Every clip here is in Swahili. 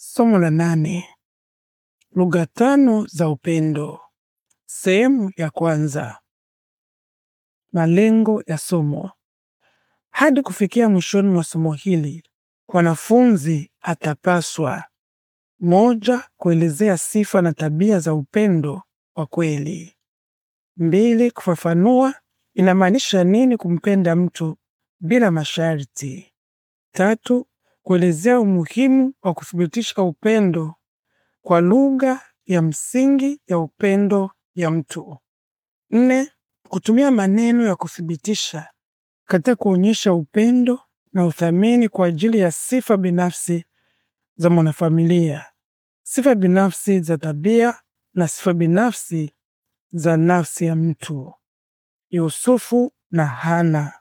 Somo la nane. Lugha tano za upendo. Sehemu ya kwanza. Malengo ya somo. Hadi kufikia mwishoni mwa somo hili, mwanafunzi atapaswa: moja, kuelezea sifa na tabia za upendo wa kweli; mbili, kufafanua inamaanisha nini kumpenda mtu bila masharti; tatu, kuelezea umuhimu wa kuthibitisha upendo kwa lugha ya msingi ya upendo ya mtu. Nne, kutumia maneno ya kuthibitisha katika kuonyesha upendo na uthamini kwa ajili ya sifa binafsi za mwanafamilia, sifa binafsi za tabia na sifa binafsi za nafsi ya mtu. Yusufu na Hana,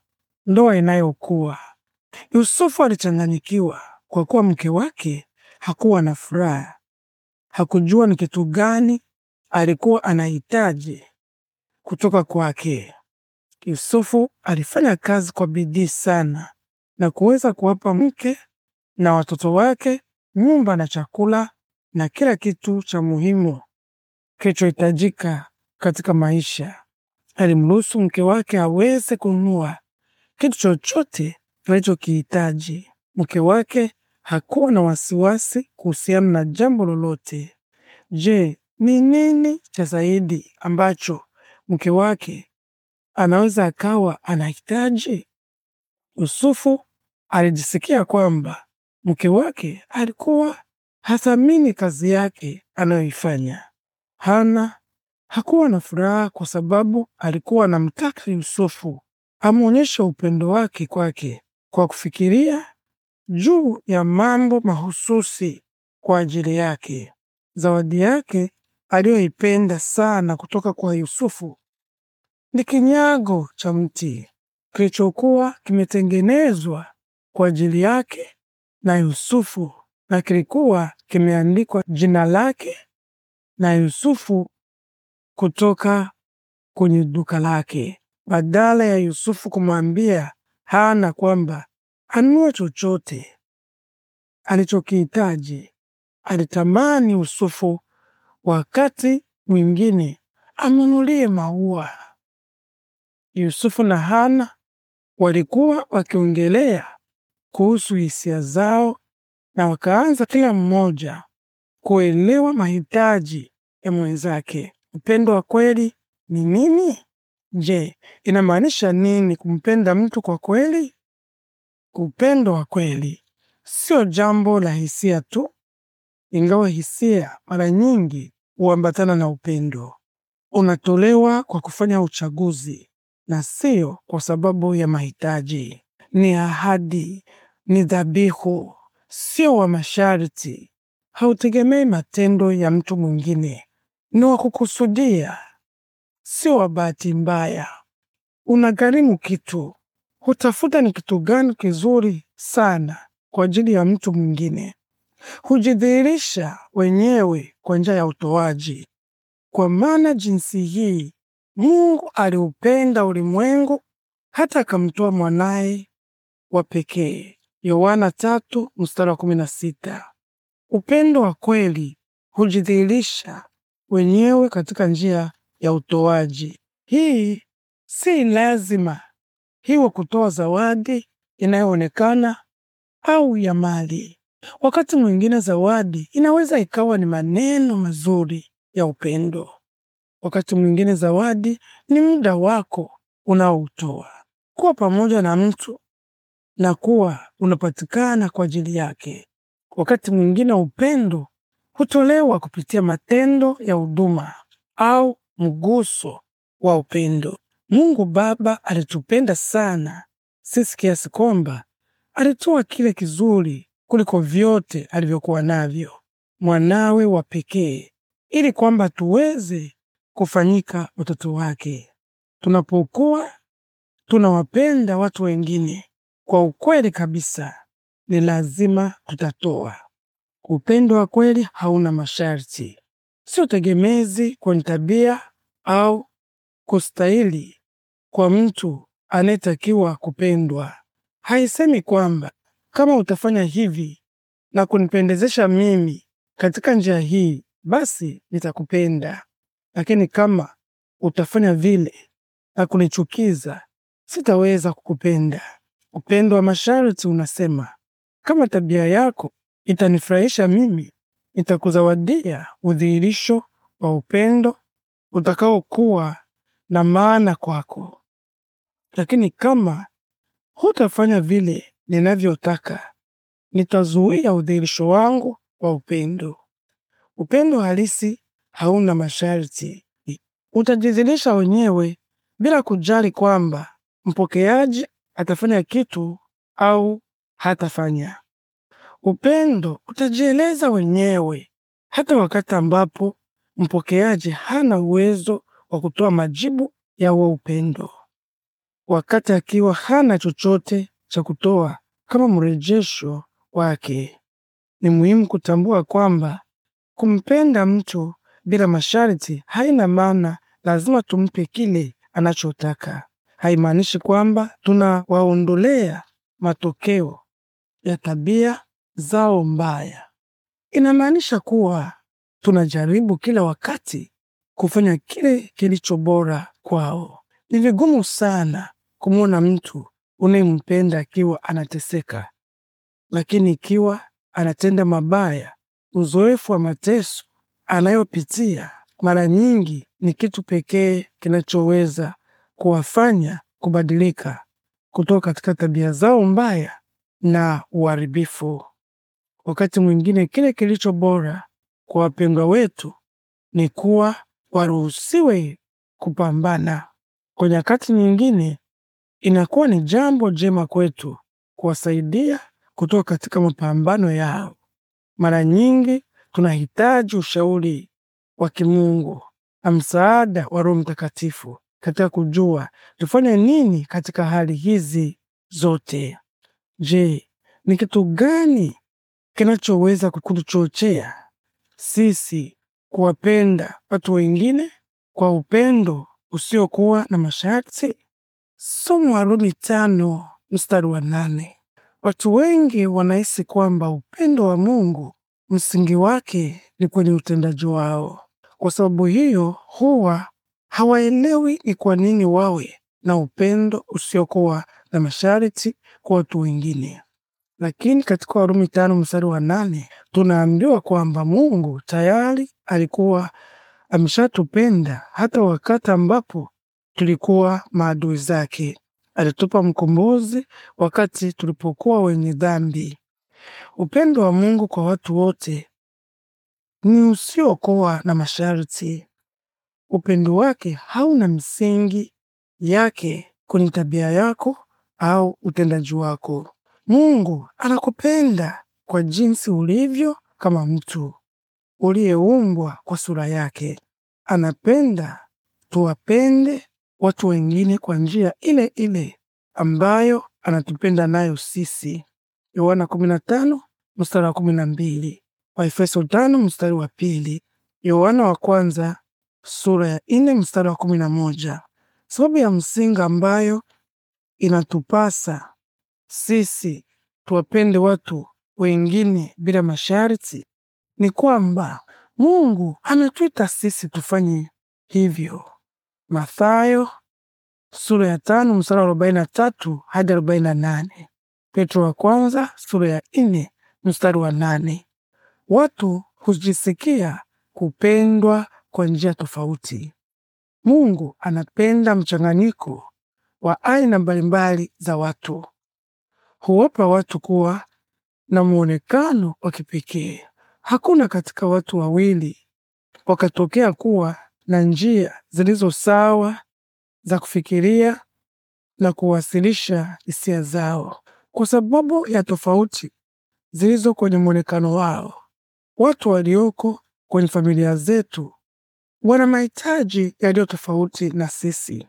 ndoa inayokuwa Yusufu alichanganyikiwa kwa kuwa mke wake hakuwa na furaha. Hakujua ni kitu gani alikuwa anahitaji kutoka kwake. Yusufu alifanya kazi kwa bidii sana na kuweza kuwapa mke na watoto wake nyumba na chakula na kila kitu cha muhimu kilichohitajika katika maisha. Alimruhusu mke wake aweze kununua kitu chochote tunachokihitaji. Mke wake hakuwa na wasiwasi kuhusiana na jambo lolote. Je, ni nini cha zaidi ambacho mke wake anaweza akawa anahitaji? Yusufu alijisikia kwamba mke wake alikuwa hathamini kazi yake anayoifanya. Hana hakuwa na furaha kwa sababu alikuwa anamtaka Yusufu amwonyeshe upendo wake kwake kwa kufikiria juu ya mambo mahususi kwa ajili yake. Zawadi yake aliyoipenda sana kutoka kwa Yusufu ni kinyago cha mti kilichokuwa kimetengenezwa kwa ajili yake na Yusufu na kilikuwa kimeandikwa jina lake na Yusufu kutoka kwenye duka lake, badala ya Yusufu kumwambia hana kwamba anunue chochote alichokihitaji. Alitamani usufu, wakati mwingine amnunulie maua. Yusufu na Hana walikuwa wakiongelea kuhusu hisia zao na wakaanza kila mmoja kuelewa mahitaji ya mwenzake. Upendo wa kweli ni nini? Je, inamaanisha nini kumpenda mtu kwa kweli? Upendo wa kweli sio jambo la hisia tu, ingawa hisia mara nyingi huambatana na upendo. Unatolewa kwa kufanya uchaguzi na sio kwa sababu ya mahitaji. Ni ahadi, ni dhabihu, sio wa masharti. Hautegemei matendo ya mtu mwingine, ni wa kukusudia si wa bahati mbaya. Unagharimu kitu, hutafuta ni kitu gani kizuri sana kwa ajili ya mtu mwingine. Hujidhihirisha wenyewe kwa njia ya utoaji. Kwa maana jinsi hii Mungu aliupenda ulimwengu hata akamtoa mwanaye wa pekee. Yohana tatu mstari wa kumi na sita. Upendo wa kweli hujidhihirisha wenyewe katika njia ya utoaji. Hii si lazima hiwa kutoa zawadi inayoonekana au ya mali. Wakati mwingine zawadi inaweza ikawa ni maneno mazuri ya upendo. Wakati mwingine zawadi ni muda wako unaoutoa kuwa pamoja na mtu na kuwa unapatikana kwa ajili yake. Wakati mwingine upendo hutolewa kupitia matendo ya huduma au mguso wa upendo. Mungu Baba alitupenda sana sisi kiasi kwamba alitoa kile kizuri kuliko vyote alivyokuwa navyo, mwanawe wa pekee, ili kwamba tuweze kufanyika watoto wake. Tunapokuwa tunawapenda watu wengine kwa ukweli kabisa, ni lazima tutatoa. Upendo wa kweli hauna masharti sio tegemezi kwenye tabia au kustahili kwa mtu anayetakiwa kupendwa. Haisemi kwamba kama utafanya hivi na kunipendezesha mimi katika njia hii, basi nitakupenda, lakini kama utafanya vile na kunichukiza, sitaweza kukupenda. Upendo wa masharti unasema, kama tabia yako itanifurahisha mimi nitakuzawadia udhihirisho wa upendo utakaokuwa na maana kwako. Lakini kama hutafanya vile ninavyotaka, nitazuia udhihirisho wangu wa upendo. Upendo halisi hauna masharti. Utajidhihirisha wenyewe bila kujali kwamba mpokeaji atafanya kitu au hatafanya. Upendo utajieleza wenyewe hata wakati ambapo mpokeaji hana uwezo wa kutoa majibu ya huo upendo, wakati akiwa hana chochote cha kutoa kama mrejesho wake. Ni muhimu kutambua kwamba kumpenda mtu bila masharti haina maana lazima tumpe kile anachotaka. Haimaanishi kwamba tunawaondolea matokeo ya tabia zao mbaya. Inamaanisha kuwa tunajaribu kila wakati kufanya kile kilicho bora kwao. Ni vigumu sana kumwona mtu unayempenda akiwa anateseka, lakini ikiwa anatenda mabaya, uzoefu wa mateso anayopitia mara nyingi ni kitu pekee kinachoweza kuwafanya kubadilika kutoka katika tabia zao mbaya na uharibifu. Wakati mwingine kile kilicho bora kwa wapendwa wetu ni kuwa waruhusiwe kupambana. Kwa nyakati nyingine, inakuwa ni jambo jema kwetu kuwasaidia kutoka katika mapambano yao. Mara nyingi tunahitaji ushauri wa kimungu na msaada wa Roho Mtakatifu katika kujua tufanye nini katika hali hizi zote. Je, ni kitu gani kinachoweza kutuchochea sisi kuwapenda watu wengine kwa upendo usiokuwa na masharti. Somo la Rumi tano mstari wa nane. Watu wengi wanahisi kwamba upendo wa Mungu msingi wake ni kwenye utendaji wao. Kwa sababu hiyo, huwa hawaelewi ni kwa nini wawe na upendo usiokuwa na masharti kwa watu wengine. Lakini katika Warumi tano mstari wa nane tunaambiwa kwamba Mungu tayari alikuwa ameshatupenda hata wakati ambapo tulikuwa maadui zake. Alitupa mkombozi wakati tulipokuwa wenye dhambi. Upendo wa Mungu kwa watu wote ni usiokoa na masharti. Upendo wake hauna msingi yake kwenye tabia yako au utendaji wako. Mungu anakupenda kwa jinsi ulivyo kama mtu uliyeumbwa kwa sura yake. Anapenda tuwapende watu wengine kwa njia ile ile ambayo anatupenda nayo sisi. Yohana 15 mstari wa 12, Waefeso 5 mstari wa pili, Yohana wa kwanza sura ya 4 mstari wa 11. Sababu ya msingi ambayo inatupasa sisi tuwapende watu wengine bila masharti, ni kwamba Mungu ametuita sisi tufanye hivyo. Mathayo sura ya tano mstari wa arobaini na tatu hadi arobaini na nane Petro wa kwanza sura ya nne mstari wa nane Watu hujisikia kupendwa kwa njia tofauti. Mungu anapenda mchanganyiko wa aina mbalimbali za watu huwapa watu kuwa na muonekano wa kipekee. Hakuna katika watu wawili wakatokea kuwa na njia zilizo sawa za kufikiria na kuwasilisha hisia zao kwa sababu ya tofauti zilizo kwenye muonekano wao. Watu walioko kwenye familia zetu wana mahitaji yaliyo tofauti na sisi.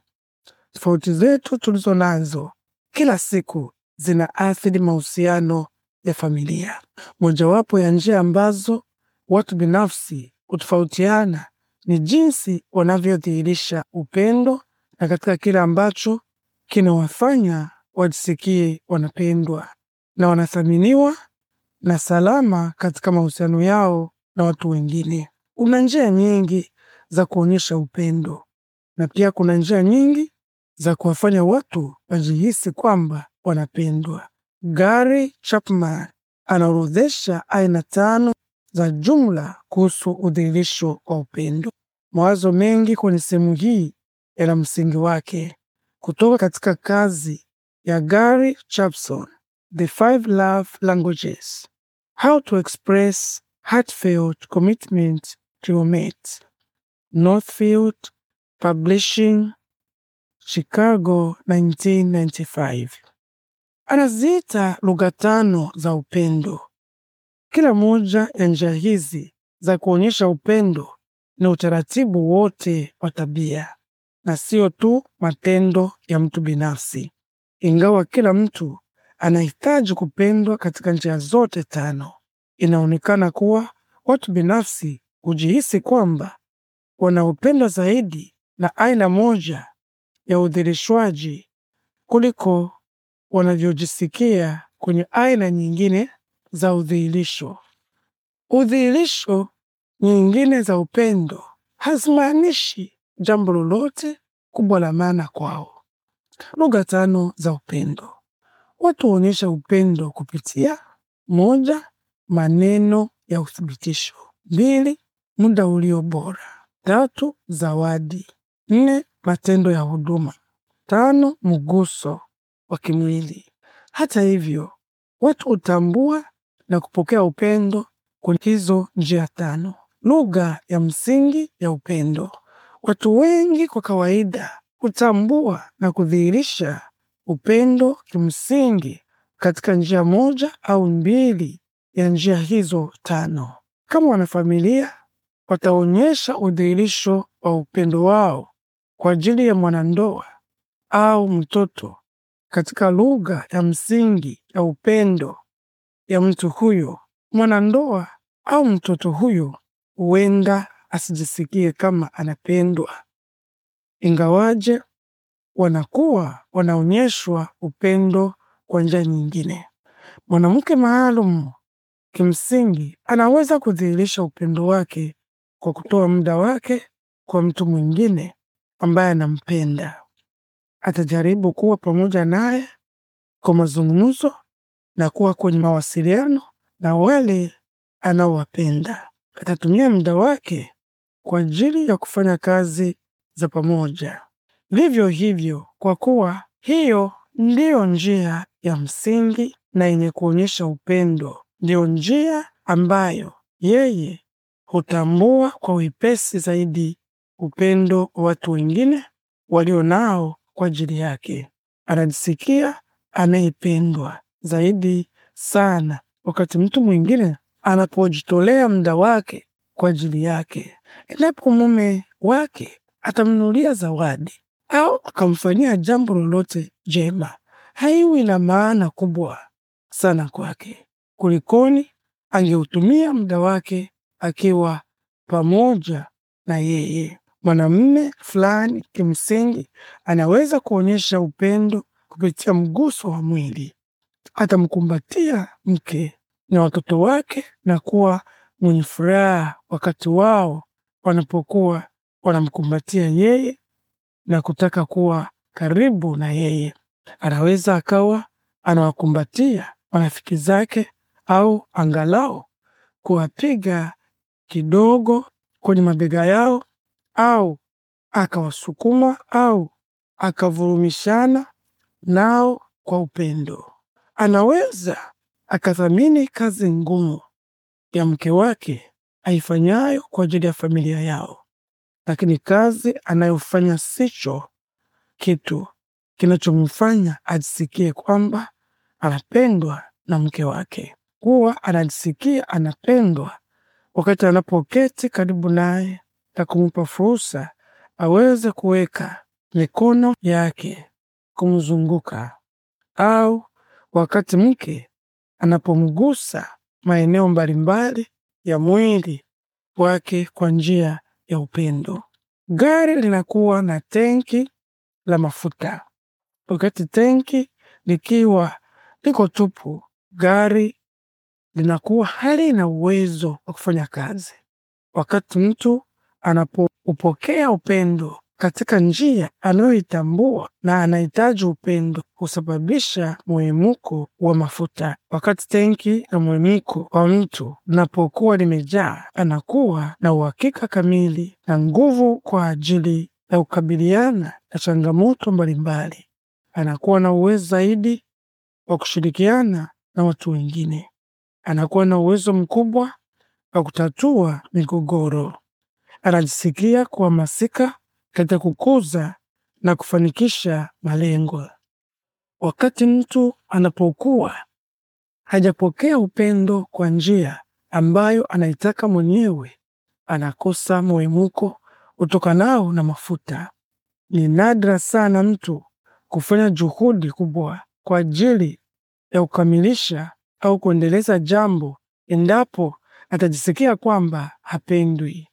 Tofauti zetu tulizo nazo kila siku zinaathiri mahusiano ya familia. Mojawapo ya njia ambazo watu binafsi hutofautiana ni jinsi wanavyodhihirisha upendo na katika kile ambacho kinawafanya wajisikie wanapendwa na wanathaminiwa na salama katika mahusiano yao na watu wengine. Kuna njia nyingi za kuonyesha upendo na pia kuna njia nyingi za kuwafanya watu wajihisi kwamba wanapendwa. Gary Chapman anaorodhesha aina tano za jumla kuhusu udhihirisho wa upendo. Mawazo mengi kwenye sehemu hii yana msingi wake kutoka katika kazi ya Gary Chapson, The Five Love Languages: How to Express Heartfelt Commitment to Your Mate, Northfield Publishing, Chicago, 1995. Anaziita lugha tano za upendo. Kila moja ya njia hizi za kuonyesha upendo ni utaratibu wote wa tabia na sio tu matendo ya mtu binafsi, ingawa kila mtu anahitaji kupendwa katika njia zote tano. Inaonekana kuwa watu binafsi hujihisi kwamba wanaopendwa zaidi na aina moja ya udhirishwaji kuliko wanavyojisikia kwenye aina nyingine za udhihirisho. Udhihirisho nyingine za upendo hazimaanishi jambo lolote kubwa la maana kwao. Lugha tano za upendo. Watu huonyesha upendo kupitia: moja, maneno ya uthibitisho; mbili, muda ulio bora; tatu, zawadi; nne, matendo ya huduma; tano, mguso; wa kimwili. Hata hivyo, watu hutambua na kupokea upendo kwa hizo njia tano. Lugha ya msingi ya upendo. Watu wengi kwa kawaida hutambua na kudhihirisha upendo kimsingi katika njia moja au mbili ya njia hizo tano. Kama wanafamilia, wataonyesha udhihirisho wa upendo wao kwa ajili ya mwanandoa au mtoto katika lugha ya msingi ya upendo ya mtu huyo, mwanandoa au mtoto huyo huenda asijisikie kama anapendwa, ingawaje wanakuwa wanaonyeshwa upendo kwa njia nyingine. Mwanamke maalum kimsingi anaweza kudhihirisha upendo wake kwa kutoa muda wake kwa mtu mwingine ambaye anampenda atajaribu kuwa pamoja naye kwa mazungumzo na kuwa kwenye mawasiliano na wale anaowapenda. Atatumia muda wake kwa ajili ya kufanya kazi za pamoja. Vivyo hivyo, kwa kuwa hiyo ndiyo njia ya msingi na yenye kuonyesha upendo, ndiyo njia ambayo yeye hutambua kwa wepesi zaidi upendo wa watu wengine walio nao kwa ajili yake. Anajisikia anayependwa zaidi sana wakati mtu mwingine anapojitolea muda wake kwa ajili yake. Endapo mume wake atamnunulia zawadi au akamfanyia jambo lolote jema, haiwi na maana kubwa sana kwake kulikoni angeutumia muda wake akiwa pamoja na yeye. Mwanamume fulani kimsingi anaweza kuonyesha upendo kupitia mguso wa mwili, atamkumbatia mke na watoto wake na kuwa mwenye furaha wakati wao wanapokuwa wanamkumbatia yeye na kutaka kuwa karibu na yeye. Anaweza akawa anawakumbatia marafiki zake au angalau kuwapiga kidogo kwenye mabega yao au akawasukuma au akavurumishana nao kwa upendo. Anaweza akathamini kazi ngumu ya mke wake aifanyayo kwa ajili ya familia yao, lakini kazi anayofanya sicho kitu kinachomfanya ajisikie kwamba anapendwa na mke wake. Huwa anajisikia anapendwa wakati anapoketi karibu naye na kumpa fursa aweze kuweka mikono yake kumzunguka au wakati mke anapomgusa maeneo mbalimbali ya mwili wake kwa njia ya upendo. Gari linakuwa na tenki la mafuta. Wakati tenki likiwa liko tupu, gari linakuwa hali na uwezo wa kufanya kazi. Wakati mtu anapoupokea upendo katika njia anayoitambua na anahitaji upendo husababisha mwemuko wa mafuta. Wakati tenki na mwimuko wa mtu linapokuwa limejaa, anakuwa na uhakika kamili na nguvu kwa ajili ya kukabiliana na changamoto mbalimbali. Anakuwa na uwezo zaidi wa kushirikiana na watu wengine. Anakuwa na uwezo mkubwa wa kutatua migogoro anajisikia kuhamasika katika kukuza na kufanikisha malengo. Wakati mtu anapokuwa hajapokea upendo kwa njia ambayo anaitaka mwenyewe, anakosa mwemuko utokanao na mafuta. Ni nadra sana mtu kufanya juhudi kubwa kwa ajili ya kukamilisha au kuendeleza jambo endapo atajisikia kwamba hapendwi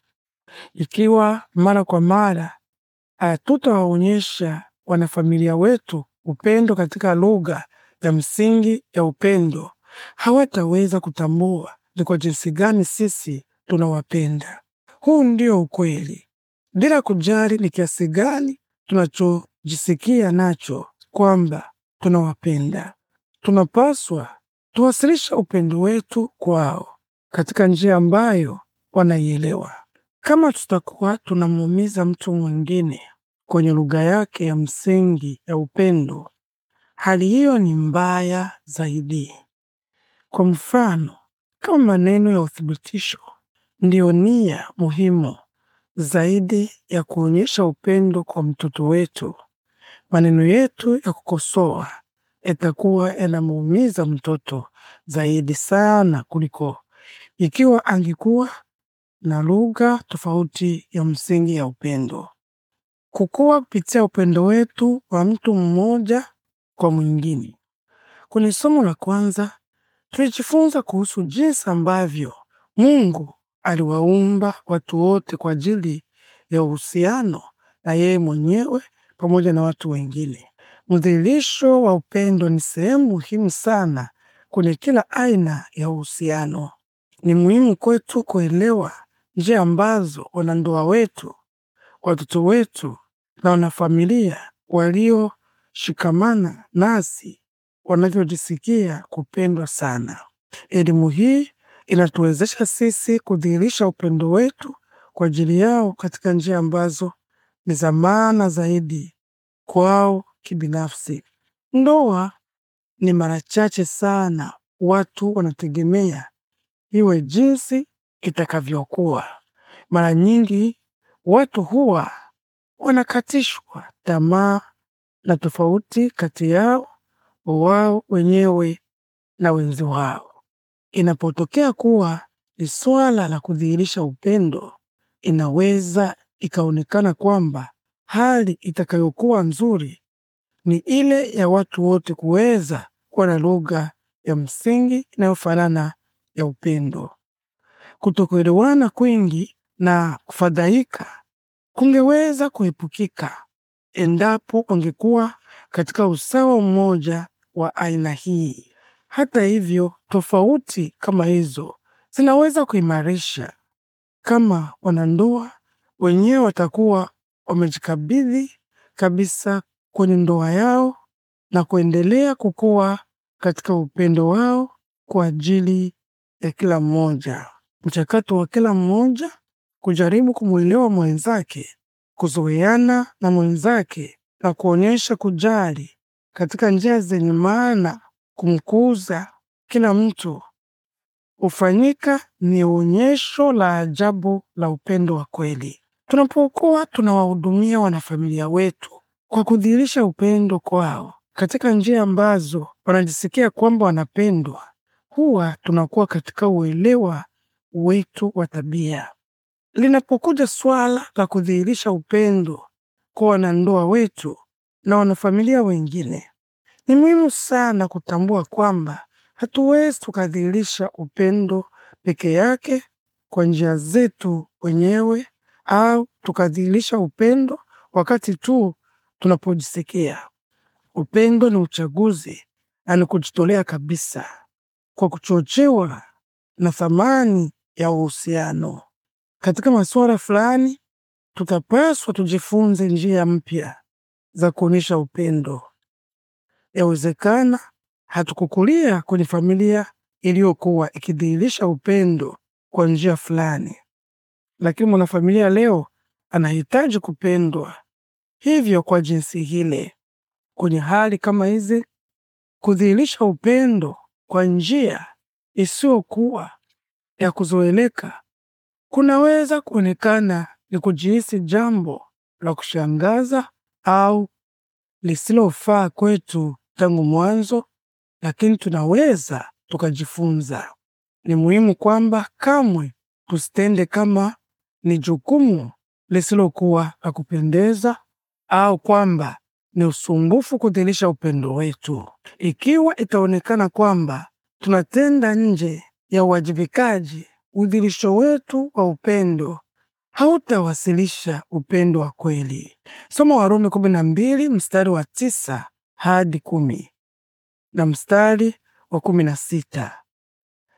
ikiwa mara kwa mara hatutawaonyesha eh, wanafamilia wetu upendo katika lugha ya msingi ya upendo, hawataweza kutambua ni kwa jinsi gani sisi tunawapenda. Huu ndio ukweli, bila kujali ni kiasi gani tunachojisikia nacho kwamba tunawapenda. Tunapaswa tuwasilisha upendo wetu kwao katika njia ambayo wanaielewa. Kama tutakuwa tunamuumiza mtu mwingine kwenye lugha yake ya msingi ya upendo, hali hiyo ni mbaya zaidi. Kwa mfano, kama maneno ya uthibitisho ndiyo nia muhimu zaidi ya kuonyesha upendo kwa mtoto wetu, maneno yetu ya kukosoa yatakuwa yanamuumiza mtoto zaidi sana kuliko ikiwa angekuwa na lugha tofauti ya msingi ya upendo. Kukua kupitia upendo wetu wa mtu mmoja kwa mwingine. Kwenye somo la kwanza tulijifunza kuhusu jinsi ambavyo Mungu aliwaumba watu wote kwa ajili ya uhusiano na yeye mwenyewe pamoja na watu wengine. Mdhihirisho wa upendo ni sehemu muhimu sana kwenye kila aina ya uhusiano. Ni muhimu kwetu kuelewa njia ambazo wanandoa wetu, watoto wetu na wanafamilia walioshikamana nasi wanavyojisikia kupendwa sana. Elimu hii inatuwezesha sisi kudhihirisha upendo wetu kwa ajili yao katika njia ambazo ni za maana zaidi kwao kibinafsi. Ndoa ni mara chache sana watu wanategemea iwe jinsi itakavyokuwa. Mara nyingi watu huwa wanakatishwa tamaa na tofauti kati yao wao wenyewe na wenzi wao. Inapotokea kuwa ni swala la kudhihirisha upendo, inaweza ikaonekana kwamba hali itakayokuwa nzuri ni ile ya watu wote kuweza kuwa na lugha ya msingi inayofanana ya upendo kutokuelewana kwingi na kufadhaika kungeweza kuepukika endapo wangekuwa katika usawa mmoja wa aina hii. Hata hivyo, tofauti kama hizo zinaweza kuimarisha kama wanandoa wenyewe watakuwa wamejikabidhi kabisa kwenye ndoa yao na kuendelea kukua katika upendo wao kwa ajili ya kila mmoja mchakato wa kila mmoja kujaribu kumwelewa mwenzake, kuzoeana na mwenzake na kuonyesha kujali katika njia zenye maana kumkuza kila mtu hufanyika ni onyesho la ajabu la upendo wa kweli. Tunapokuwa tunawahudumia wanafamilia wetu kwa kudhihirisha upendo kwao katika njia ambazo wanajisikia kwamba wanapendwa, huwa tunakuwa katika uelewa wetu wa tabia. Linapokuja swala la kudhihirisha upendo kwa wanandoa wetu na wanafamilia wengine, ni muhimu sana kutambua kwamba hatuwezi tukadhihirisha upendo peke yake kwa njia zetu wenyewe au tukadhihirisha upendo wakati tu tunapojisikia. Upendo ni uchaguzi na ni kujitolea kabisa, kwa kuchochewa na thamani ya uhusiano. Katika masuala fulani, tutapaswa tujifunze njia mpya za kuonyesha upendo. Yawezekana hatukukulia kwenye familia iliyokuwa ikidhihirisha upendo kwa njia fulani, lakini mwanafamilia leo anahitaji kupendwa hivyo kwa jinsi hile. Kwenye hali kama hizi, kudhihirisha upendo kwa njia isiyokuwa ya kuzoeleka kunaweza kuonekana ni kujihisi jambo la kushangaza au lisilofaa kwetu tangu mwanzo, lakini tunaweza tukajifunza. Ni muhimu kwamba kamwe tusitende kama ni jukumu lisilokuwa la kupendeza au kwamba ni usumbufu kudhilisha upendo wetu. Ikiwa itaonekana kwamba tunatenda nje ya uwajibikaji, udhirisho wetu wa upendo hautawasilisha upendo wa kweli. Soma Warumi 12 mstari wa tisa hadi kumi na mstari wa kumi na sita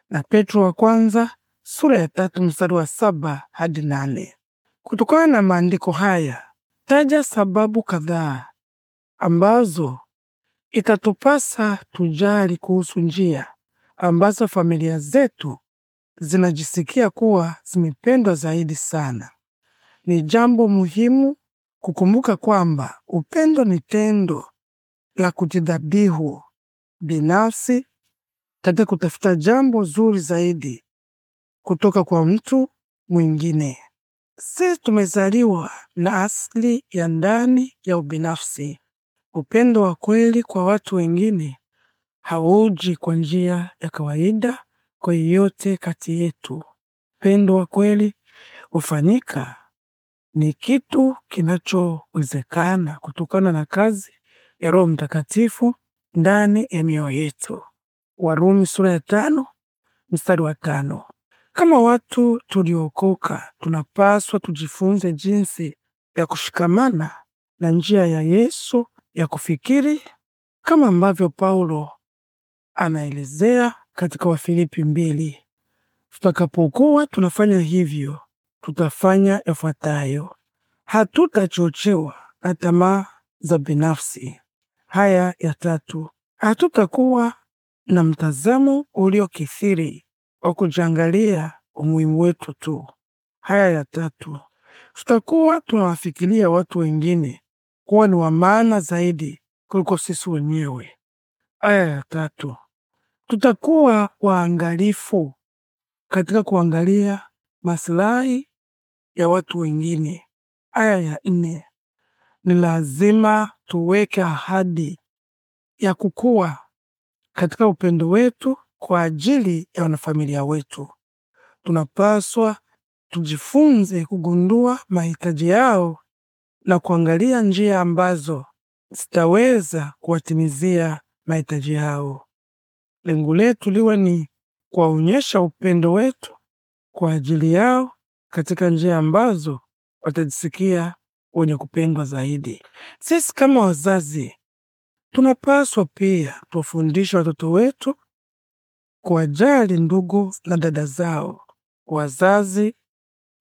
na Petro wa kwanza sura ya tatu mstari wa saba hadi nane. Kutokana na maandiko haya, taja sababu kadhaa ambazo itatupasa tujali kuhusu njia ambazo familia zetu zinajisikia kuwa zimependwa zaidi sana. Ni jambo muhimu kukumbuka kwamba upendo ni tendo la kujidhabihu binafsi katika kutafuta jambo zuri zaidi kutoka kwa mtu mwingine. Sisi tumezaliwa na asili ya ndani ya ubinafsi. Upendo wa kweli kwa watu wengine hauji kwa njia ya kawaida kwa yeyote kati yetu. Upendo wa kweli hufanyika ni kitu kinachowezekana kutokana na kazi ya Roho Mtakatifu ndani ya mioyo yetu. Warumi sura ya tano mstari wa tano. Kama watu tuliokoka tunapaswa tujifunze jinsi ya kushikamana na njia ya Yesu ya kufikiri kama ambavyo Paulo anaelezea katika Wafilipi mbili. Tutakapokuwa tunafanya hivyo, tutafanya yafuatayo: hatutachochewa na tamaa za binafsi. Haya ya tatu, hatutakuwa na mtazamo uliokithiri wa kujiangalia umuhimu wetu tu. Haya ya tatu, tutakuwa tunawafikiria watu wengine kuwa ni wa maana zaidi kuliko sisi wenyewe. Aya ya tatu tutakuwa waangalifu katika kuangalia maslahi ya watu wengine. Aya ya nne, ni lazima tuweke ahadi ya kukua katika upendo wetu kwa ajili ya wanafamilia wetu. Tunapaswa tujifunze kugundua mahitaji yao na kuangalia njia ambazo zitaweza kuwatimizia mahitaji yao. Lengo letu liwe ni kuwaonyesha upendo wetu kwa ajili yao katika njia ambazo watajisikia wenye kupendwa zaidi. Sisi kama wazazi tunapaswa pia tuwafundishe watoto wetu kuwajali ndugu na dada zao, wazazi,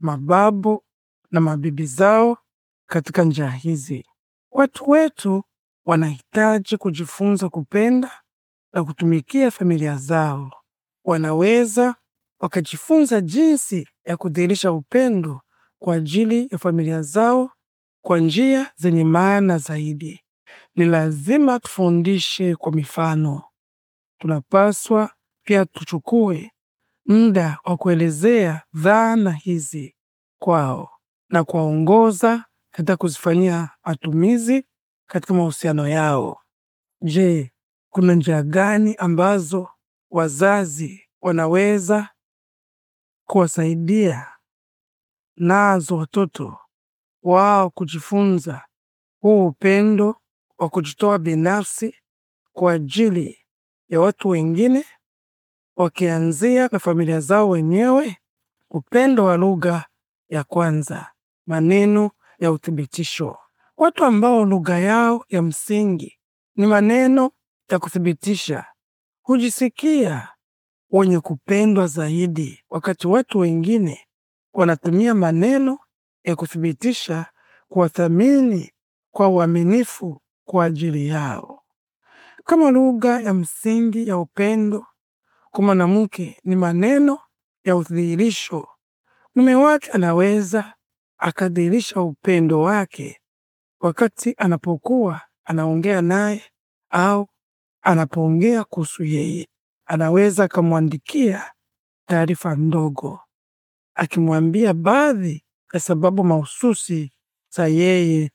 mababu na mabibi zao. Katika njia hizi, watu wetu wanahitaji kujifunza kupenda na kutumikia familia zao. Wanaweza wakajifunza jinsi ya kudhihirisha upendo kwa ajili ya familia zao kwa njia zenye maana zaidi. Ni lazima tufundishe kwa mifano. Tunapaswa pia tuchukue muda wa kuelezea dhana hizi kwao na kuwaongoza katika kuzifanyia matumizi katika mahusiano yao. Je, kuna njia gani ambazo wazazi wanaweza kuwasaidia nazo watoto wao kujifunza huu upendo wa kujitoa binafsi kwa ajili ya watu wengine, wakianzia na familia zao wenyewe. Upendo wa lugha ya kwanza, maneno ya uthibitisho. Watu ambao lugha yao ya msingi ni maneno ya kuthibitisha hujisikia wenye kupendwa zaidi wakati watu wengine wanatumia maneno ya kuthibitisha kuwathamini kwa uaminifu kwa ajili yao. Kama lugha ya msingi ya upendo kwa mwanamke ni maneno ya udhihirisho, mume wake anaweza akadhihirisha upendo wake wakati anapokuwa anaongea naye au anapoongea kuhusu yeye, anaweza akamwandikia taarifa ndogo akimwambia baadhi ya sababu mahususi za yeye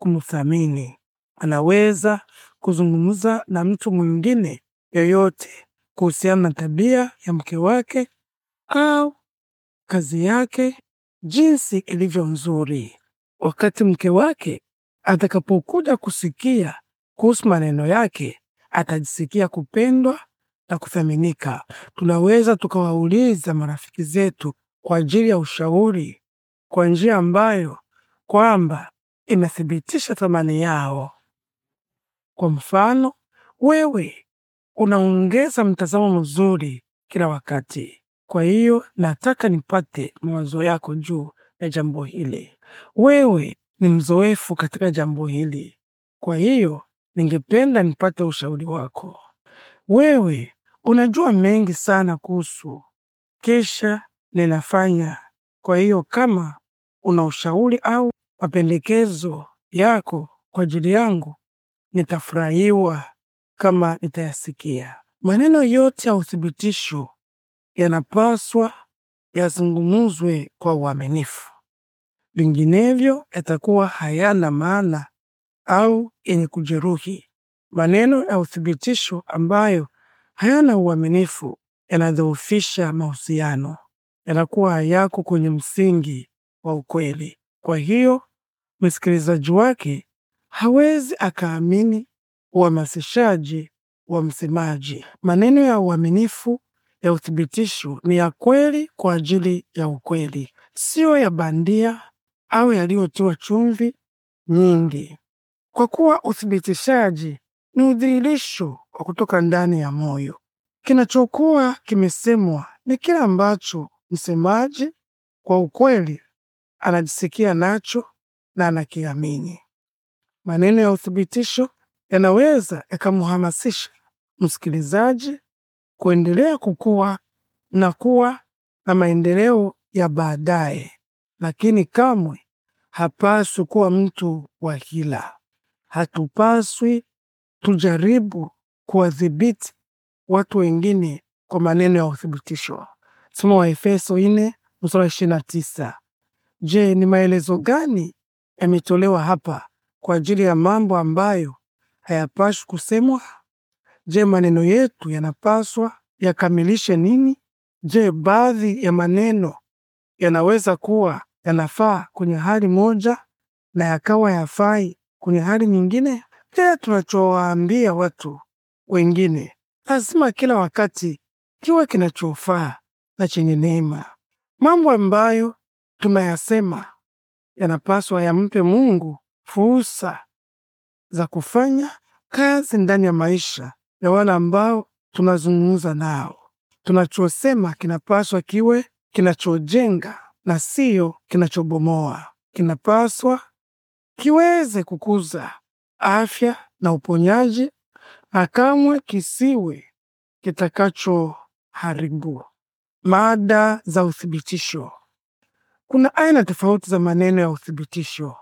kumthamini. Anaweza kuzungumza na mtu mwingine yoyote kuhusiana na tabia ya mke wake au kazi yake, jinsi ilivyo nzuri. Wakati mke wake atakapokuja kusikia kuhusu maneno yake, atajisikia kupendwa na kuthaminika. Tunaweza tukawauliza marafiki zetu kwa ajili ya ushauri kwa njia ambayo kwamba inathibitisha thamani yao. Kwa mfano, wewe unaongeza mtazamo mzuri kila wakati, kwa hiyo nataka nipate mawazo yako juu ya jambo hili. Wewe ni mzoefu katika jambo hili, kwa hiyo ningependa nipate ushauri wako. Wewe unajua mengi sana kuhusu kesha ninafanya. Kwa hiyo kama una ushauri au mapendekezo yako kwa ajili yangu, nitafurahiwa kama nitayasikia. Maneno yote ya uthibitisho yanapaswa yazungumuzwe kwa uaminifu, vinginevyo yatakuwa hayana maana au yenye kujeruhi. Maneno ya uthibitisho ambayo hayana uaminifu yanadhoofisha mahusiano, yanakuwa hayako kwenye msingi wa ukweli. Kwa hiyo msikilizaji wake hawezi akaamini uhamasishaji wa msemaji. Maneno ya uaminifu ya uthibitisho ni ya kweli kwa ajili ya ukweli, siyo ya bandia au yaliyotiwa chumvi nyingi kwa kuwa uthibitishaji ni udhihirisho wa kutoka ndani ya moyo. Kinachokuwa kimesemwa ni kile ambacho msemaji kwa ukweli anajisikia nacho na anakiamini. Maneno ya uthibitisho yanaweza yakamhamasisha msikilizaji kuendelea kukua na kuwa na maendeleo ya baadaye, lakini kamwe hapaswi kuwa mtu wa hila hatupaswi tujaribu kuwadhibiti watu wengine kwa maneno ya uthibitisho. Soma Waefeso nne mstari ishirini na tisa. Je, ni maelezo gani yametolewa hapa kwa ajili ya mambo ambayo hayapaswi kusemwa? Je, maneno yetu yanapaswa yakamilishe nini? Je, baadhi ya maneno yanaweza kuwa yanafaa kwenye hali moja na yakawa yafai kwenye hali nyingine. Kile tunachowaambia watu wengine lazima kila wakati kiwe kinachofaa na chenye neema. Mambo ambayo tunayasema yanapaswa yampe Mungu fursa za kufanya kazi ndani ya maisha ya wale ambao tunazungumza nao. Tunachosema kinapaswa kiwe kinachojenga na siyo kinachobomoa. Kinapaswa kiweze kukuza afya na uponyaji na kamwe kisiwe kitakachoharibu. Mada za uthibitisho. Kuna aina tofauti za maneno ya uthibitisho.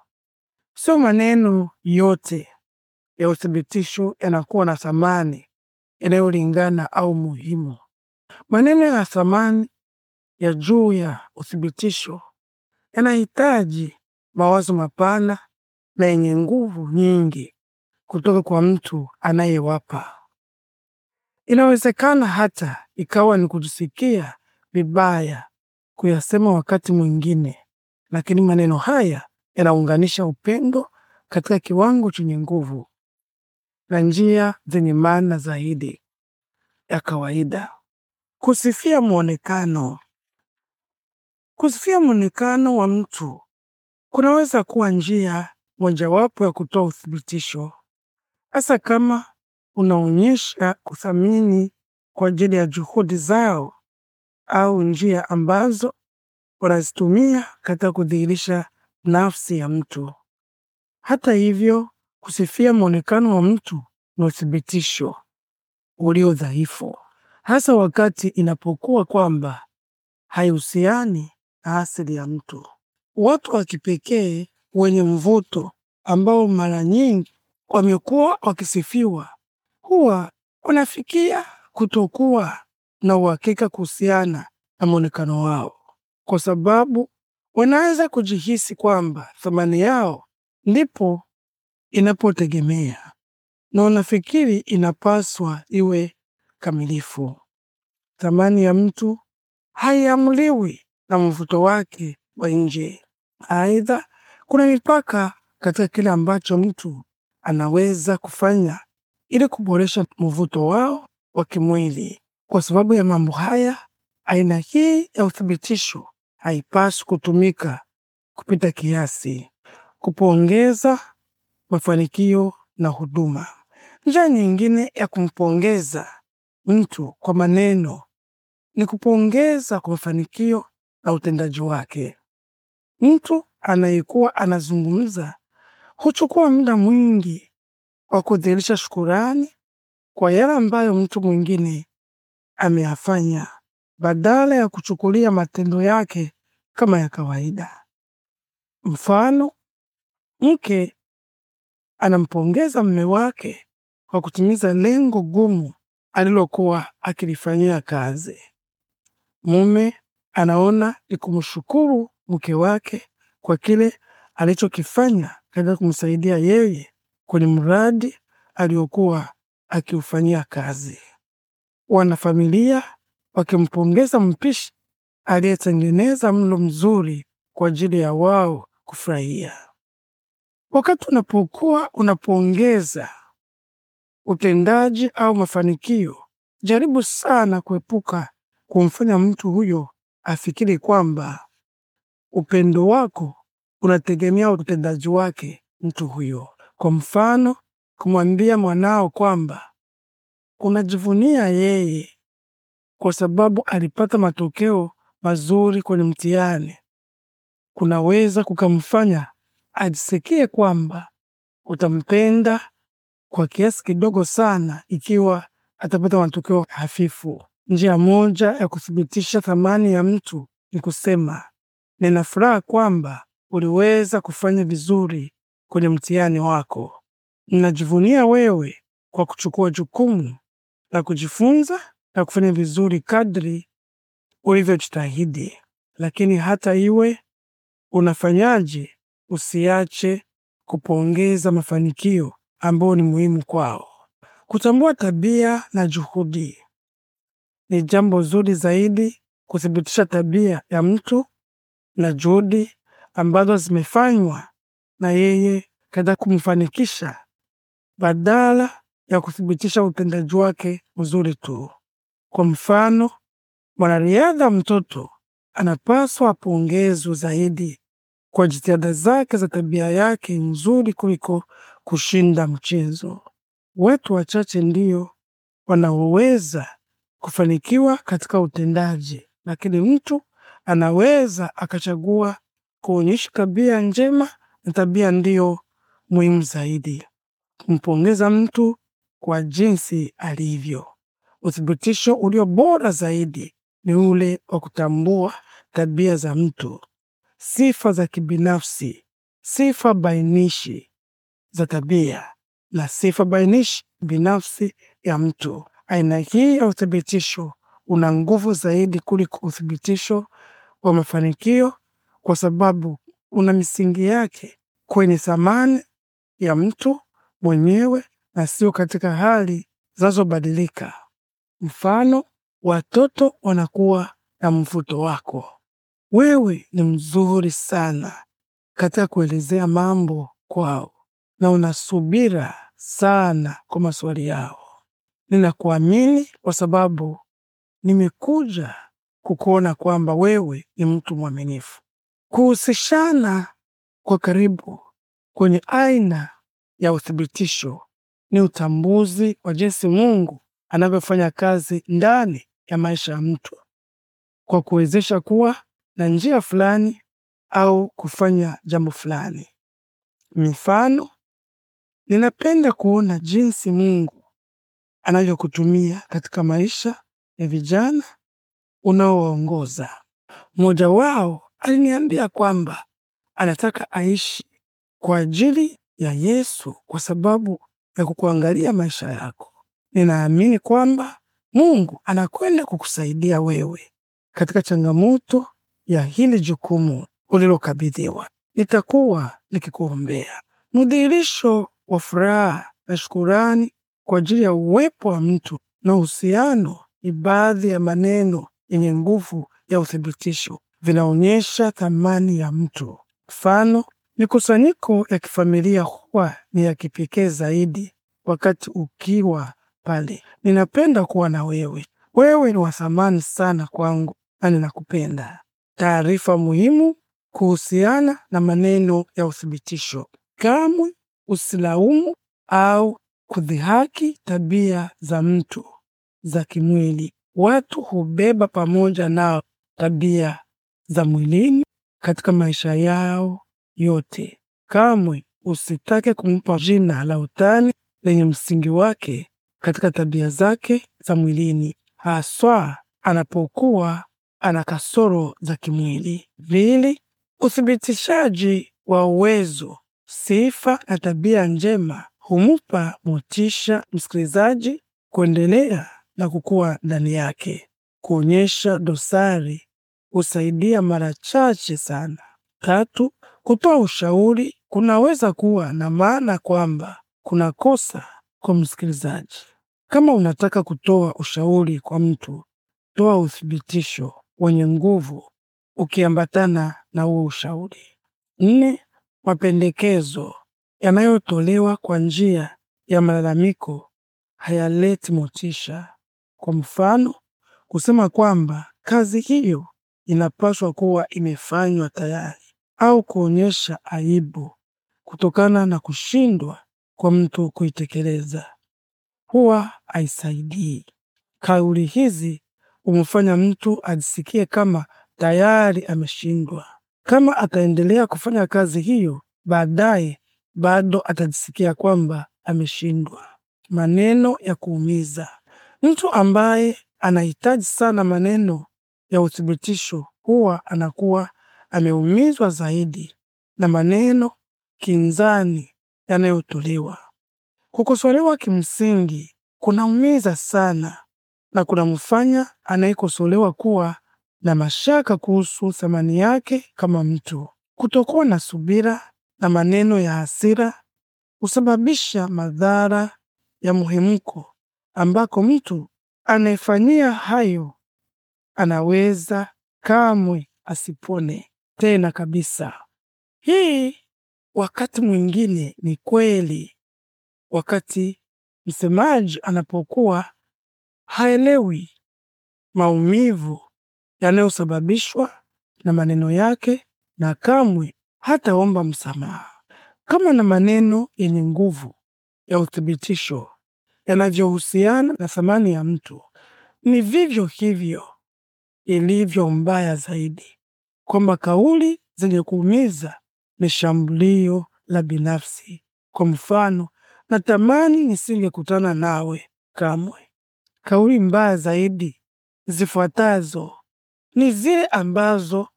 Sio maneno yote ya uthibitisho yanakuwa na thamani yanayolingana au muhimu. Maneno ya thamani ya juu ya uthibitisho yanahitaji mawazo mapana na yenye nguvu nyingi kutoka kwa mtu anayewapa. Inawezekana hata ikawa ni kutusikia vibaya kuyasema wakati mwingine, lakini maneno haya yanaunganisha upendo katika kiwango chenye nguvu na njia zenye maana zaidi ya kawaida. Kusifia mwonekano. Kusifia mwonekano wa mtu kunaweza kuwa njia mojawapo ya kutoa uthibitisho, hasa kama unaonyesha kuthamini kwa ajili ya juhudi zao au njia ambazo wanazitumia katika kudhihirisha nafsi ya mtu. Hata hivyo, kusifia mwonekano wa mtu ni uthibitisho ulio dhaifu, hasa wakati inapokuwa kwamba haihusiani na asili ya mtu. Watu wa kipekee wenye mvuto ambao mara nyingi wamekuwa wakisifiwa huwa wanafikia kutokuwa na uhakika kuhusiana na mwonekano wao, kwa sababu wanaweza kujihisi kwamba thamani yao ndipo inapotegemea na wanafikiri inapaswa iwe kamilifu. Thamani ya mtu haiamuliwi na mvuto wake wa nje. Aidha, kuna mipaka katika kile ambacho mtu anaweza kufanya ili kuboresha mvuto wao wa kimwili. Kwa sababu ya mambo haya, aina hii ya uthibitisho haipaswi kutumika kupita kiasi kupongeza mafanikio na huduma. Njia nyingine ya kumpongeza mtu kwa maneno ni kupongeza kwa mafanikio na utendaji wake mtu anayekuwa anazungumza huchukua muda mwingi wa kudhihirisha shukurani kwa yale ambayo mtu mwingine ameyafanya badala ya kuchukulia matendo yake kama ya kawaida. Mfano, mke anampongeza mume wake kwa kutimiza lengo gumu alilokuwa akilifanyia kazi. Mume anaona ni kumshukuru mke wake kwa kile alichokifanya katika kumsaidia yeye kwenye mradi aliokuwa akiufanyia kazi. Wanafamilia wakimpongeza mpishi aliyetengeneza mlo mzuri kwa ajili ya wao kufurahia. Wakati unapokuwa unapongeza utendaji au mafanikio, jaribu sana kuepuka kumfanya mtu huyo afikiri kwamba upendo wako unategemea utendaji wake mtu huyo. Kwa mfano, kumwambia mwanao kwamba unajivunia yeye kwa sababu alipata matokeo mazuri kwenye mtihani kunaweza kukamfanya ajisikie kwamba utampenda kwa kiasi kidogo sana ikiwa atapata matokeo hafifu. Njia moja ya kuthibitisha thamani ya mtu ni kusema Nina furaha kwamba uliweza kufanya vizuri kwenye mtihani wako. Ninajivunia wewe kwa kuchukua jukumu la kujifunza na kufanya vizuri kadri ulivyojitahidi. Lakini hata iwe unafanyaje, usiache kupongeza mafanikio ambayo ni muhimu kwao. Kutambua tabia na juhudi ni jambo zuri zaidi kuthibitisha tabia ya mtu na juhudi ambazo zimefanywa na yeye katika kumfanikisha badala ya kuthibitisha utendaji wake mzuri tu. Kwa mfano, mwanariadha mtoto anapaswa apongezwe zaidi kwa jitihada zake za tabia yake nzuri kuliko kushinda mchezo. Watu wachache ndiyo wanaoweza kufanikiwa katika utendaji, lakini mtu anaweza akachagua kuonyesha tabia njema, na tabia ndiyo muhimu zaidi. Kumpongeza mtu kwa jinsi alivyo. Uthibitisho ulio bora zaidi ni ule wa kutambua tabia za mtu. Sifa za kibinafsi, sifa bainishi za tabia na sifa bainishi binafsi ya mtu. Aina hii ya uthibitisho una nguvu zaidi kuliko uthibitisho wa mafanikio, kwa sababu una misingi yake kwenye thamani ya mtu mwenyewe na sio katika hali zinazobadilika. Mfano, watoto wanakuwa na mvuto wako. Wewe ni mzuri sana katika kuelezea mambo kwao na unasubira sana kwa maswali yao. Ninakuamini kwa sababu nimekuja kukuona kwamba wewe ni mtu mwaminifu. Kuhusishana kwa karibu kwenye aina ya uthibitisho ni utambuzi wa jinsi Mungu anavyofanya kazi ndani ya maisha ya mtu kwa kuwezesha kuwa na njia fulani au kufanya jambo fulani. Mifano, ninapenda kuona jinsi Mungu anavyokutumia katika maisha ya vijana unaoongoza. Mmoja wao aliniambia kwamba anataka aishi kwa ajili ya Yesu kwa sababu ya kukuangalia maisha yako. Ninaamini kwamba Mungu anakwenda kukusaidia wewe katika changamoto ya hili jukumu ulilokabidhiwa. Nitakuwa nikikuombea. Mudhihirisho wa furaha na shukurani kwa ajili ya uwepo wa mtu na uhusiano ni baadhi ya maneno yenye nguvu ya uthibitisho vinaonyesha thamani ya mtu. Mfano, mikusanyiko ya kifamilia huwa ni ya kipekee zaidi wakati ukiwa pale. Ninapenda kuwa na wewe, wewe ni wa thamani sana kwangu na ninakupenda. Taarifa muhimu kuhusiana na maneno ya uthibitisho: kamwe usilaumu au kudhihaki tabia za mtu za kimwili. Watu hubeba pamoja nao tabia za mwilini katika maisha yao yote. Kamwe usitake kumpa jina la utani lenye msingi wake katika tabia zake za mwilini, haswa anapokuwa ana kasoro za kimwili. Vili, uthibitishaji wa uwezo, sifa na tabia njema humpa motisha msikilizaji kuendelea na kukua ndani yake. Kuonyesha dosari husaidia mara chache sana. Tatu, kutoa ushauri kunaweza kuwa na maana kwamba kuna kosa kwa msikilizaji. Kama unataka kutoa ushauri kwa mtu, toa uthibitisho wenye nguvu ukiambatana na huo ushauri. Nne, mapendekezo yanayotolewa kwa njia ya malalamiko hayaleti motisha kwa mfano, kusema kwamba kazi hiyo inapaswa kuwa imefanywa tayari au kuonyesha aibu kutokana na kushindwa kwa mtu kuitekeleza huwa haisaidii. Kauli hizi humfanya mtu ajisikie kama tayari ameshindwa. Kama ataendelea kufanya kazi hiyo baadaye, bado atajisikia kwamba ameshindwa. Maneno ya kuumiza: Mtu ambaye anahitaji sana maneno ya uthibitisho huwa anakuwa ameumizwa zaidi na maneno kinzani yanayotolewa. Kukosolewa kimsingi kunaumiza sana na kunamfanya anayekosolewa kuwa na mashaka kuhusu thamani yake kama mtu. Kutokuwa na subira na maneno ya hasira husababisha madhara ya muhemko ambako mtu anayefanyia hayo anaweza kamwe asipone tena kabisa. Hii wakati mwingine ni kweli, wakati msemaji anapokuwa haelewi maumivu yanayosababishwa na maneno yake na kamwe hataomba msamaha. Kama na maneno yenye nguvu ya uthibitisho yanavyohusiana na thamani ya mtu, ni vivyo hivyo ilivyo mbaya zaidi kwamba kauli zenye kuumiza ni shambulio la binafsi. Kwa mfano, natamani nisingekutana nawe kamwe. Kauli mbaya zaidi zifuatazo ni zile ambazo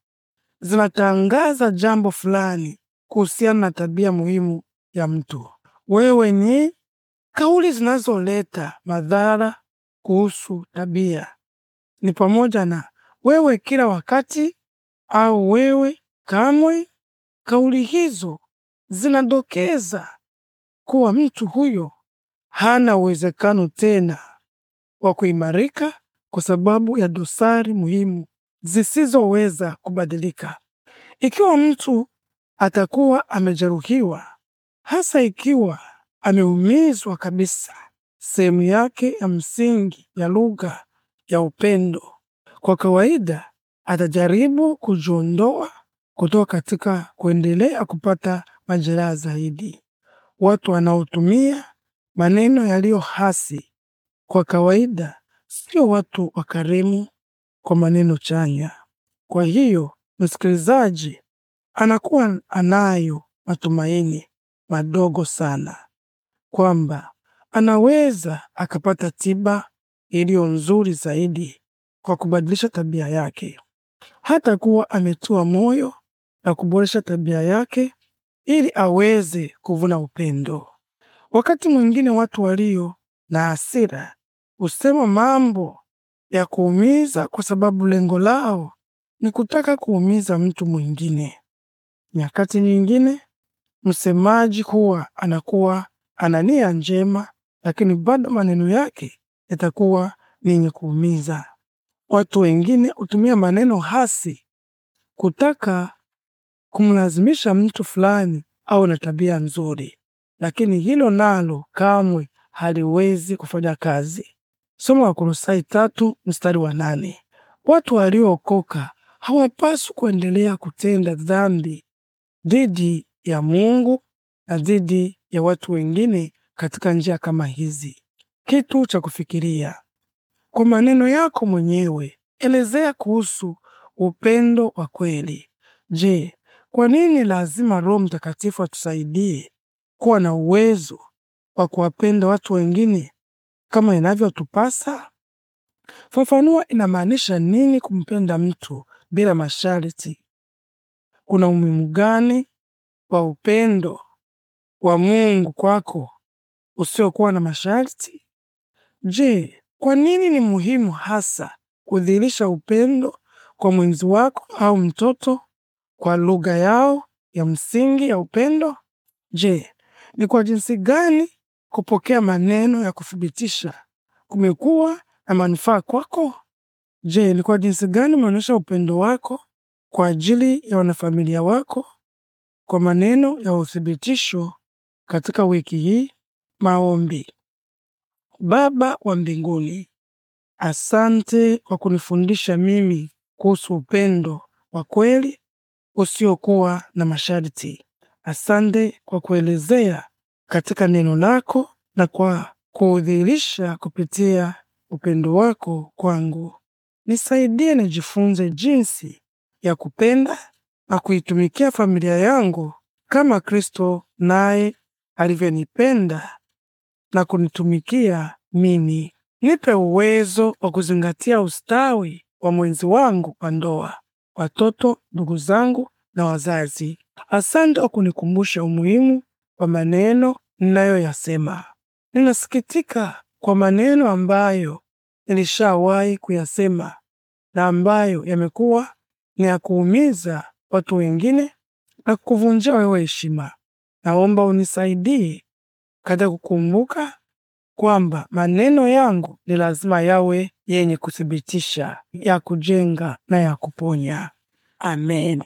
zinatangaza jambo fulani kuhusiana na tabia muhimu ya mtu. Wewe ni Kauli zinazoleta madhara kuhusu tabia ni pamoja na wewe kila wakati au wewe kamwe. Kauli hizo zinadokeza kuwa mtu huyo hana uwezekano tena wa kuimarika kwa sababu ya dosari muhimu zisizoweza kubadilika. Ikiwa mtu atakuwa amejeruhiwa, hasa ikiwa ameumizwa kabisa sehemu yake ya msingi ya lugha ya upendo. Kwa kawaida atajaribu kujiondoa kutoka katika kuendelea kupata majeraha zaidi. Watu wanaotumia maneno yaliyo hasi kwa kawaida sio watu wakarimu kwa maneno chanya. Kwa hiyo msikilizaji anakuwa anayo matumaini madogo sana kwamba anaweza akapata tiba iliyo nzuri zaidi kwa kubadilisha tabia yake. Hata kuwa ametua moyo na kuboresha tabia yake ili aweze kuvuna upendo. Wakati mwingine watu walio na hasira husema mambo ya kuumiza kwa sababu lengo lao ni kutaka kuumiza mtu mwingine. Nyakati nyingine msemaji huwa anakuwa ana nia njema, lakini bado maneno yake yatakuwa ni yenye kuumiza. Watu wengine hutumia maneno hasi kutaka kumlazimisha mtu fulani au na tabia nzuri, lakini hilo nalo kamwe haliwezi kufanya kazi. Somo la tatu mstari wa nane. Watu waliookoka hawapaswi kuendelea kutenda dhambi dhidi ya Mungu na dhidi ya watu wengine katika njia kama hizi. Kitu cha kufikiria: kwa maneno yako mwenyewe elezea kuhusu upendo wa kweli. Je, kwa nini lazima Roho Mtakatifu atusaidie kuwa na uwezo wa kuwapenda watu wengine kama inavyotupasa? Fafanua inamaanisha nini kumpenda mtu bila masharti. Kuna umuhimu gani wa upendo wa Mungu kwako usiokuwa na masharti? Je, kwa nini ni muhimu hasa kudhihirisha upendo kwa mwenzi wako au mtoto kwa lugha yao ya msingi ya upendo? Je, ni kwa jinsi gani kupokea maneno ya kuthibitisha kumekuwa na manufaa kwako? Je, ni kwa jinsi gani umeonyesha upendo wako kwa ajili ya wanafamilia wako kwa maneno ya uthibitisho katika wiki hii. Maombi. Baba wa mbinguni, asante kwa kunifundisha mimi kuhusu upendo wa kweli usiokuwa na masharti. Asante kwa kuelezea katika neno lako na kwa kuudhihirisha kupitia upendo wako kwangu. Nisaidie nijifunze jinsi ya kupenda na kuitumikia familia yangu kama Kristo naye alivyonipenda na kunitumikia mimi. Nipe uwezo wa kuzingatia ustawi wa mwenzi wangu kwa ndoa, watoto, ndugu zangu na wazazi. Asante kwa kunikumbusha umuhimu wa maneno ninayoyasema. Ninasikitika kwa maneno ambayo nilishawahi kuyasema na ambayo yamekuwa ni ya kuumiza watu wengine na kukuvunjia wewe heshima naomba unisaidie kata kukumbuka kwamba maneno yangu ni lazima yawe yenye kuthibitisha, ya kujenga na ya kuponya. Amen.